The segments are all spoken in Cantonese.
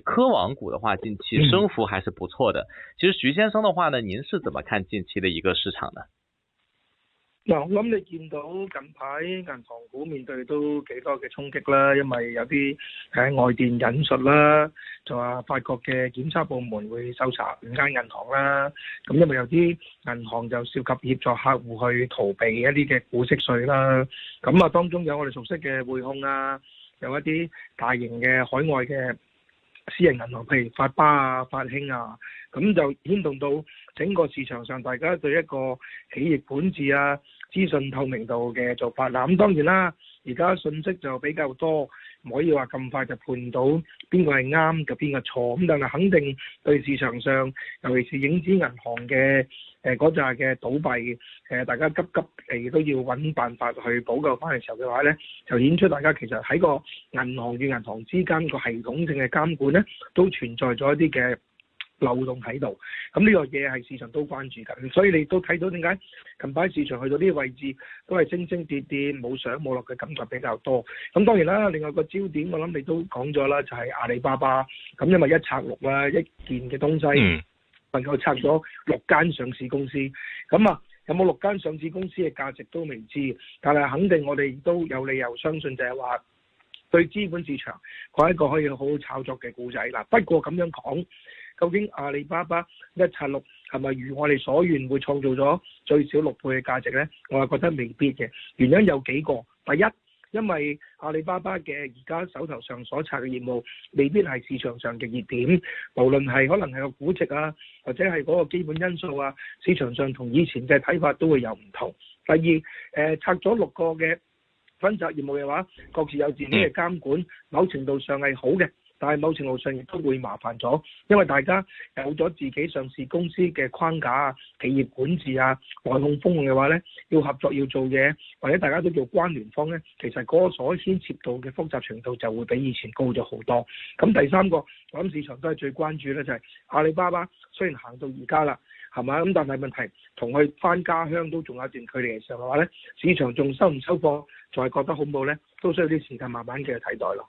科網股嘅話，近期升幅還是不錯的。其實徐先生的話呢，您是怎麼看近期的一個市場呢？咁、嗯、我諗你見到近排銀行股面對都幾多嘅衝擊啦，因為有啲喺外電引述啦，就話法國嘅檢察部門會搜查五間銀行啦。咁、嗯、因為有啲銀行就涉及協助客戶去逃避一啲嘅股息稅啦。咁、嗯嗯嗯、啊當中有我哋熟悉嘅匯控啊，有一啲大型嘅海外嘅。私人銀行，譬如發巴啊、發興啊，咁就牽動到整個市場上，大家對一個企業管治啊、資訊透明度嘅做法。嗱，咁當然啦，而家信息就比較多。唔可以話咁快就判到邊個係啱，就邊個錯咁，但係肯定對市場上，尤其是影子銀行嘅誒嗰陣嘅倒閉，誒、呃、大家急急誒都要揾辦法去補救翻嘅時候嘅話呢，就顯出大家其實喺個銀行與銀行之間個系統性嘅監管呢，都存在咗一啲嘅。漏洞喺度，咁呢個嘢係市場都關注緊，所以你都睇到點解近排市場去到呢個位置都係升升跌跌，冇上冇落嘅感覺比較多。咁當然啦，另外個焦點我諗你都講咗啦，就係、是、阿里巴巴，咁因為一拆六啦，一件嘅東西能夠、嗯、拆咗六間上市公司，咁啊有冇六間上市公司嘅價值都未知，但係肯定我哋都有理由相信就係話對資本市場佢係一個可以好好炒作嘅故仔。嗱，不過咁樣講。究竟阿里巴巴一拆六係咪如我哋所願會創造咗最少六倍嘅價值呢？我係覺得未必嘅，原因有幾個。第一，因為阿里巴巴嘅而家手頭上所拆嘅業務未必係市場上嘅熱點，無論係可能係個估值啊，或者係嗰個基本因素啊，市場上同以前嘅睇法都會有唔同。第二，呃、拆咗六個嘅分拆業務嘅話，各自有自己嘅監管，某程度上係好嘅。但係某程度上亦都會麻煩咗，因為大家有咗自己上市公司嘅框架啊、企業管治啊、內控風險嘅話呢，要合作要做嘢，或者大家都做關聯方呢，其實嗰所牽涉到嘅複雜程度就會比以前高咗好多。咁第三個，我諗市場都係最關注咧，就係、是、阿里巴巴雖然行到而家啦，係嘛咁，但係問題同佢返家鄉都仲有一段距離嘅時候嘅話呢，市場仲收唔收貨，仲係覺得恐怖呢，都需要啲時間慢慢嘅替代咯。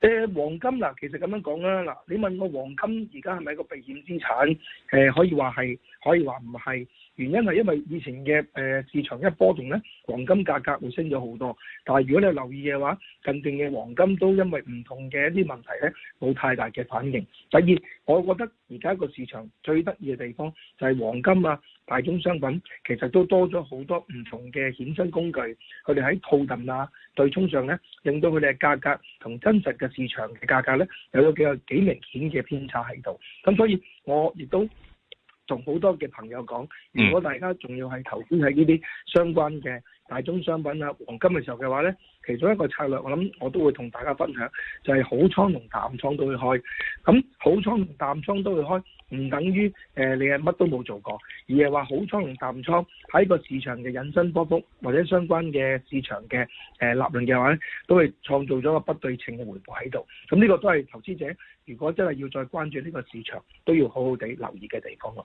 誒黃金嗱，其實咁樣講啦，嗱，你問我黃金而家係咪一個避險資產？誒可以話係，可以話唔係。原因係因為以前嘅誒市場一波動咧，黃金價格會升咗好多。但係如果你留意嘅話，近段嘅黃金都因為唔同嘅一啲問題咧，冇太大嘅反應。第二，我覺得而家個市場最得意嘅地方就係黃金啊。大宗商品其實都多咗好多唔同嘅衍生工具，佢哋喺套戥啊、對沖上咧，令到佢哋嘅價格同真實嘅市場嘅價格咧，有咗幾個幾明顯嘅偏差喺度。咁所以我亦都同好多嘅朋友講，如果大家仲要係投資喺呢啲相關嘅。大宗商品啊，黃金嘅時候嘅話呢，其中一個策略，我諗我都會同大家分享，就係、是、好倉同淡倉都會開，咁好倉同淡倉都會開，唔等於、呃、你係乜都冇做過，而係話好倉同淡倉喺個市場嘅引伸波幅或者相關嘅市場嘅、呃、立論嘅話呢，都會創造咗個不對稱嘅回報喺度。咁呢個都係投資者如果真係要再關注呢個市場都要好好地留意嘅地方咯。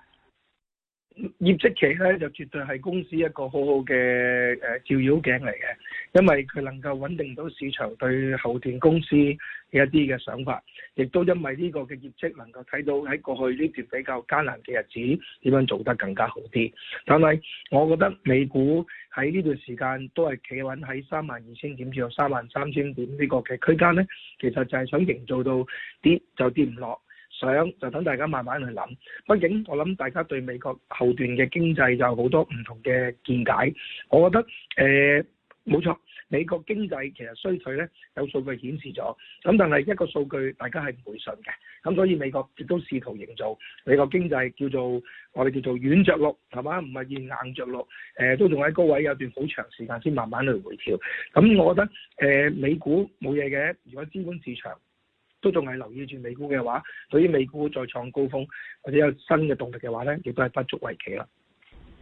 業績期咧就絕對係公司一個好好嘅誒照妖鏡嚟嘅，因為佢能夠穩定到市場對後端公司嘅一啲嘅想法，亦都因為呢個嘅業績能夠睇到喺過去呢段比較艱難嘅日子點樣做得更加好啲。但係，我覺得美股喺呢段時間都係企穩喺三萬二千點至到三萬三千點呢個嘅區間咧，其實就係想營造到跌就跌唔落。想就等大家慢慢去諗。畢竟我諗大家對美國後段嘅經濟就好多唔同嘅見解。我覺得誒、呃、冇錯，美國經濟其實衰退呢，有數據顯示咗。咁但係一個數據大家係唔會信嘅。咁所以美國亦都試圖營造美國經濟叫做我哋叫做軟着陸係嘛，唔係要硬着陸。誒、呃、都仲喺高位有段好長時間先慢慢去回調。咁我覺得誒、呃、美股冇嘢嘅，如果資本市場。都仲係留意住美股嘅話，對於美股再創高峰，或者有新嘅動力嘅話咧，亦都係不足為奇啦。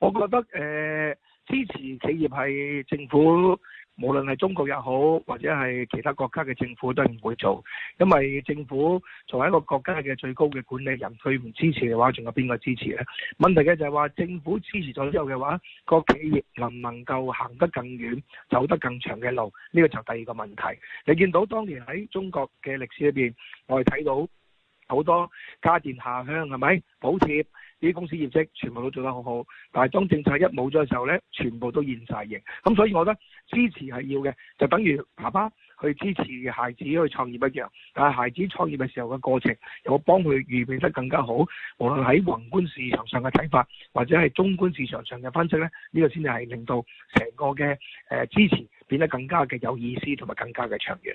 我覺得誒、呃、支持企業係政府，無論係中國也好，或者係其他國家嘅政府都係唔會做，因為政府作為一個國家嘅最高嘅管理人，佢唔支持嘅話，仲有邊個支持呢？問題嘅就係話政府支持咗之後嘅話，個企業能唔能夠行得更遠、走得更長嘅路？呢、呢個就係第二個問題。你見到當年喺中國嘅歷史裏面，我哋睇到好多家電下鄉，係咪補貼？保啲公司業績全部都做得好好，但係當政策一冇咗嘅時候呢，全部都現曬形咁，所以我覺得支持係要嘅，就等於爸爸去支持孩子去創業一樣，但係孩子創業嘅時候嘅過程，有冇幫佢預備得更加好，無論喺宏觀市場上嘅睇法，或者係中觀市場上嘅分析呢，呢個先至係令到成個嘅誒支持變得更加嘅有意思，同埋更加嘅長遠。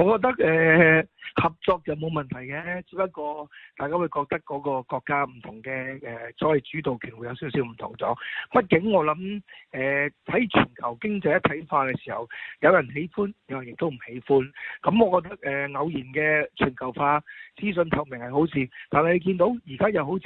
我覺得誒、呃、合作就冇問題嘅，只不過大家會覺得嗰個國家唔同嘅誒所謂主導權會有少少唔同咗。畢竟我諗誒喺全球經濟一體化嘅時候，有人喜歡，有人亦都唔喜歡。咁我覺得誒、呃、偶然嘅全球化資訊透明係好事，但係你見到而家又好似。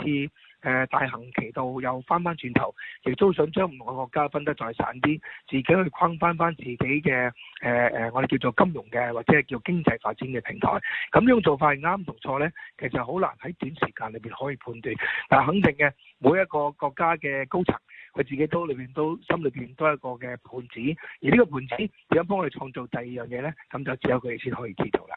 誒、呃、大行其道，又翻翻轉頭，亦都想將唔同嘅國家分得再散啲，自己去框翻翻自己嘅誒、呃、我哋叫做金融嘅，或者係叫經濟發展嘅平台。咁呢種做法係啱同錯咧？其實好難喺短時間裏面可以判斷。但肯定嘅，每一個國家嘅高層，佢自己都裏面都心裏面都係一個嘅盤子。而呢個盤子點樣幫佢創造第二樣嘢咧？咁就只有佢哋先可以知道啦。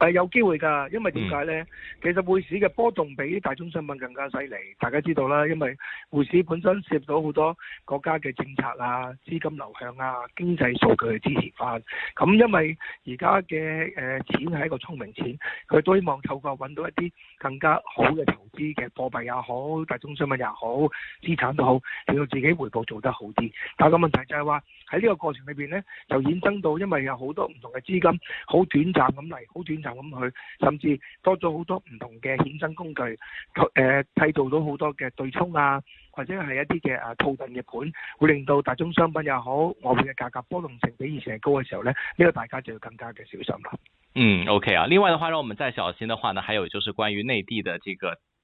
誒、呃、有機會㗎，因為點解呢？其實匯市嘅波動比大宗商品更加犀利，大家知道啦，因為匯市本身涉到好多國家嘅政策啊、資金流向啊、經濟數據去支持翻。咁因為而家嘅誒錢係一個聰明錢，佢都希望透過揾到一啲更加好嘅投資嘅貨幣也好、大宗商品也好、資產都好，令到自己回報做得好啲。但係個問題就係話喺呢個過程裏面呢，就衍生到因為有好多唔同嘅資金好短暫咁嚟，好短暫咁佢甚至多咗好多唔同嘅衍生工具，誒、呃、製造到好多嘅對沖啊，或者係一啲嘅誒套戥嘅盤，會令到大宗商品又好，外匯嘅價格波動性比以前係高嘅時候咧，呢、這個大家就要更加嘅小心啦。嗯，OK 啊。另外嘅話，讓我們再小心嘅話呢，還有就是關於內地嘅這個。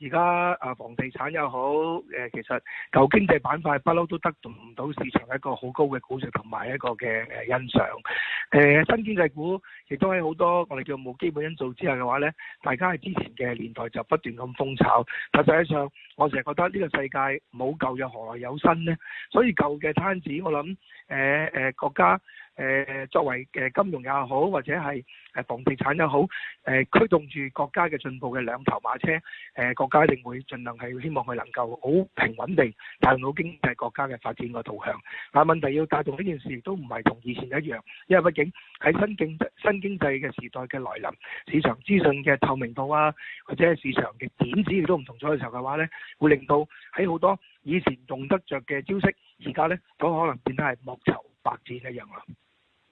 而家啊，房地產又好，誒，其實舊經濟板塊不嬲都得唔到市場一個好高嘅估值同埋一個嘅誒欣賞。誒，新經濟股亦都喺好多我哋叫冇基本因素之下嘅話咧，大家喺之前嘅年代就不斷咁瘋炒，但實際上我成日覺得呢個世界冇舊又何來有新呢？所以舊嘅攤子我諗誒誒國家。誒，作為誒金融又好，或者係誒房地產又好，誒驅動住國家嘅進步嘅兩頭馬車，誒國家一定會盡量係希望佢能夠好平穩地帶到經濟國家嘅發展個途向。但係問題要帶動呢件事，都唔係同以前一樣，因為畢竟喺新經新經濟嘅時代嘅來臨，市場資訊嘅透明度啊，或者係市場嘅點子亦都唔同咗嘅時候嘅話咧，會令到喺好多以前用得着嘅招式，而家咧都可能變得係莫愁百戰一樣啦。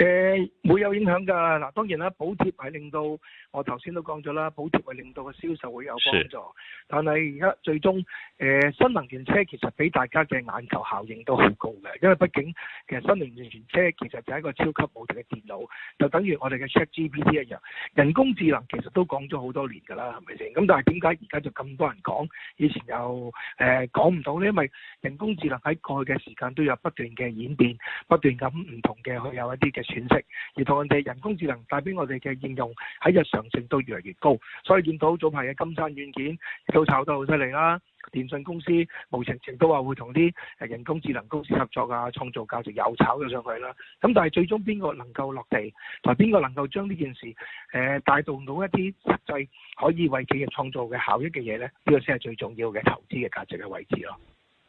誒會有影響㗎嗱，當然啦，補貼係令到我頭先都講咗啦，補貼係令到個銷售會有幫助。但係而家最終誒、呃、新能源車其實俾大家嘅眼球效應都好高嘅，因為畢竟其實新能源車其實就係一個超級無敵嘅電腦，就等於我哋嘅 Chat GPT 一樣。人工智能其實都講咗好多年㗎啦，係咪先？咁但係點解而家就咁多人講？以前又誒講唔到咧，因為人工智能喺過去嘅時間都有不斷嘅演變，不斷咁唔同嘅去有一啲嘅。斷食，而同人哋人工智能帶俾我哋嘅應用喺日常程度越嚟越高，所以見到早排嘅金山軟件亦都炒得好犀利啦，電信公司無情情都話會同啲誒人工智能公司合作啊，創造價值又炒咗上去啦。咁但係最終邊個能夠落地，同邊個能夠將呢件事誒帶動到一啲實際可以為企業創造嘅效益嘅嘢呢？呢、呢個先係最重要嘅投資嘅價值嘅位置咯。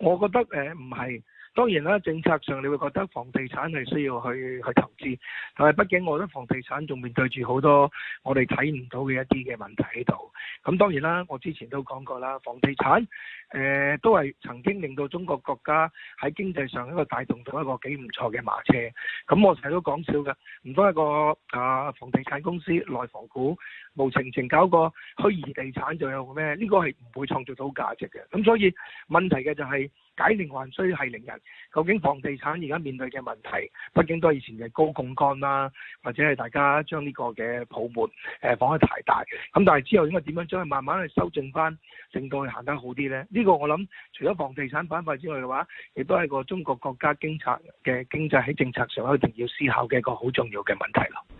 我覺得誒唔係。欸唔係。當然啦，政策上你會覺得房地產係需要去去投資，但係畢竟我覺得房地產仲面對住好多我哋睇唔到嘅一啲嘅問題喺度。咁當然啦，我之前都講過啦，房地產誒、呃、都係曾經令到中國國家喺經濟上一個帶動到一個幾唔錯嘅馬車。咁我成日都講笑㗎，唔通一個啊房地產公司內房股無情情搞個虛擬地產就有咩？呢個係唔會創造到價值嘅。咁所以問題嘅就係。解鈴還須繫鈴人，究竟房地產而家面對嘅問題，畢竟都係以前嘅高槓桿啦，或者係大家將呢個嘅泡沫誒放喺太大，咁但係之後應該點樣將佢慢慢去修正翻，令到佢行得好啲呢？呢、呢個我諗除咗房地產板塊之外嘅話，亦都係個中國國家經濟嘅經濟喺政策上一定要思考嘅一個好重要嘅問題咯。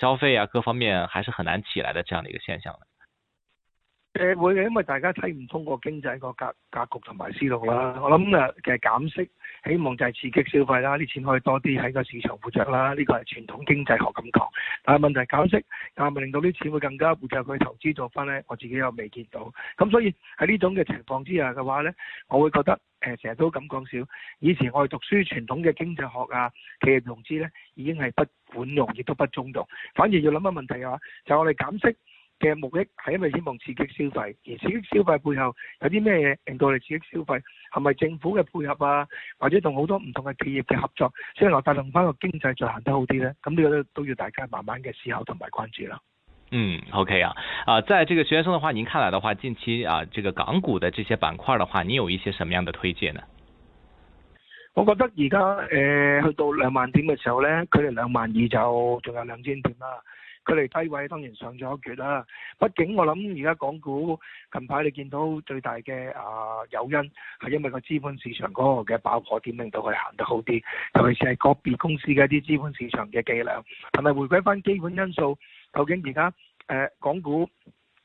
消費啊，各方面還是很難起來的，這樣的一個現象。誒、呃、會嘅，因為大家睇唔通個經濟個格格局，同埋思路啦、啊。我諗誒、啊，其實減息希望就係刺激消費啦、啊，啲錢可以多啲喺個市場活着啦、啊。呢、這個係傳統經濟學咁講。但係問題是減息，係咪令到啲錢會更加活著佢投資做翻呢，我自己又未見到。咁所以喺呢種嘅情況之下嘅話呢，我會覺得。誒、嗯，成日都咁講笑。以前我哋讀書傳統嘅經濟學啊，企業融資呢已經係不管用，亦都不中用。反而要諗下問題嘅話，就係、我哋減息嘅目的係因為希望刺激消費，而刺激消費背後有啲咩嘢令到我哋刺激消費？係咪政府嘅配合啊，或者同好多唔同嘅企業嘅合作，先能帶動翻個經濟再行得好啲呢？咁呢個都要大家慢慢嘅思考同埋關注啦。嗯，OK 啊，啊、呃，在這個學生的話，您看來的話，近期啊、呃，這個港股的這些板塊的話，你有一些什麼樣的推薦呢？我覺得而家誒，去到兩萬點嘅時候呢，距離兩萬二就仲有兩千點啦。距離低位當然上咗一橛啦。畢竟我諗而家港股近排你見到最大嘅啊誘因係因為個資本市場嗰個嘅爆破點令到佢行得好啲，尤其是係個別公司嘅一啲資本市場嘅計量，係咪回歸翻基本因素？究竟而家誒港股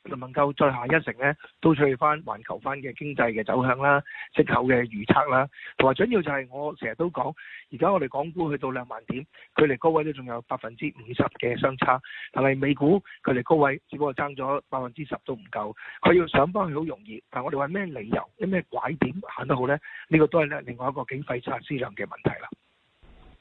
能唔能夠再下一城呢？都取決翻環球翻嘅經濟嘅走向啦、息口嘅預測啦，同埋主要就係我成日都講，而家我哋港股去到兩萬點，距離高位都仲有百分之五十嘅相差，但係美股距離高位只不過爭咗百分之十都唔夠，佢要上翻去好容易，但係我哋話咩理由、啲咩拐點行得好呢？呢、呢個都係咧另外一個幾費煞思量嘅問題啦。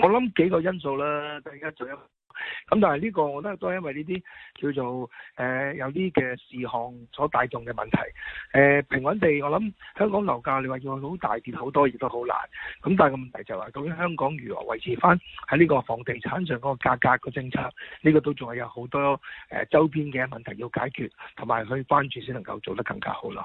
我諗幾個因素啦，一但係而家仲咁，但係呢個我覺得都都係因為呢啲叫做誒、呃、有啲嘅事項所帶動嘅問題。誒、呃、平穩地，我諗香港樓價你話要好大跌好多亦都好難。咁但係個問題就係究竟香港如何維持翻喺呢個房地產上嗰個價格個政策？呢、這個都仲係有好多誒、呃、周邊嘅問題要解決，同埋去關注先能夠做得更加好咯。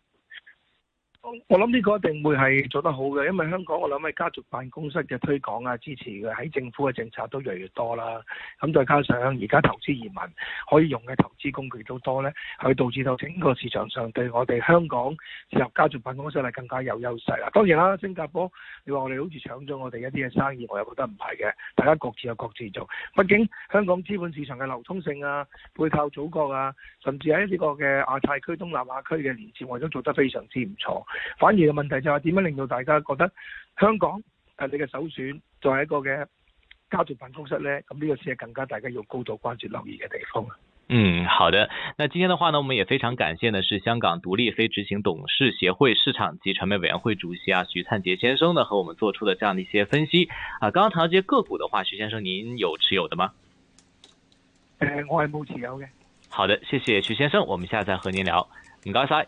我我諗呢個一定會係做得好嘅，因為香港我諗喺家族辦公室嘅推廣啊、支持嘅喺政府嘅政策都越嚟越多啦。咁再加上而家投資移民可以用嘅投資工具都多呢，去導致到整個市場上對我哋香港入家族辦公室係更加有優勢啦。當然啦，新加坡你話我哋好似搶咗我哋一啲嘅生意，我又覺得唔係嘅，大家各自有各自做。畢竟香港資本市場嘅流通性啊、背靠祖國啊，甚至喺呢個嘅亞太區、東南亞區嘅連接，我都做得非常之唔錯。反而嘅問題就係點樣令到大家覺得香港誒、呃，你嘅首選作為一個嘅家族辦公室呢？咁呢個先係更加大家要高度關注留意嘅地方、啊。嗯，好的。那今天的話呢，我們也非常感謝呢，是香港獨立非執行董事協會市場及傳媒委員會主席啊，徐燦杰先生呢，和我們做出的這樣的一些分析。啊，剛剛談到這些個股的話，徐先生，您有持有的嗎？呃、我係冇持有嘅。好的，謝謝徐先生，我們下次再和您聊，唔該晒。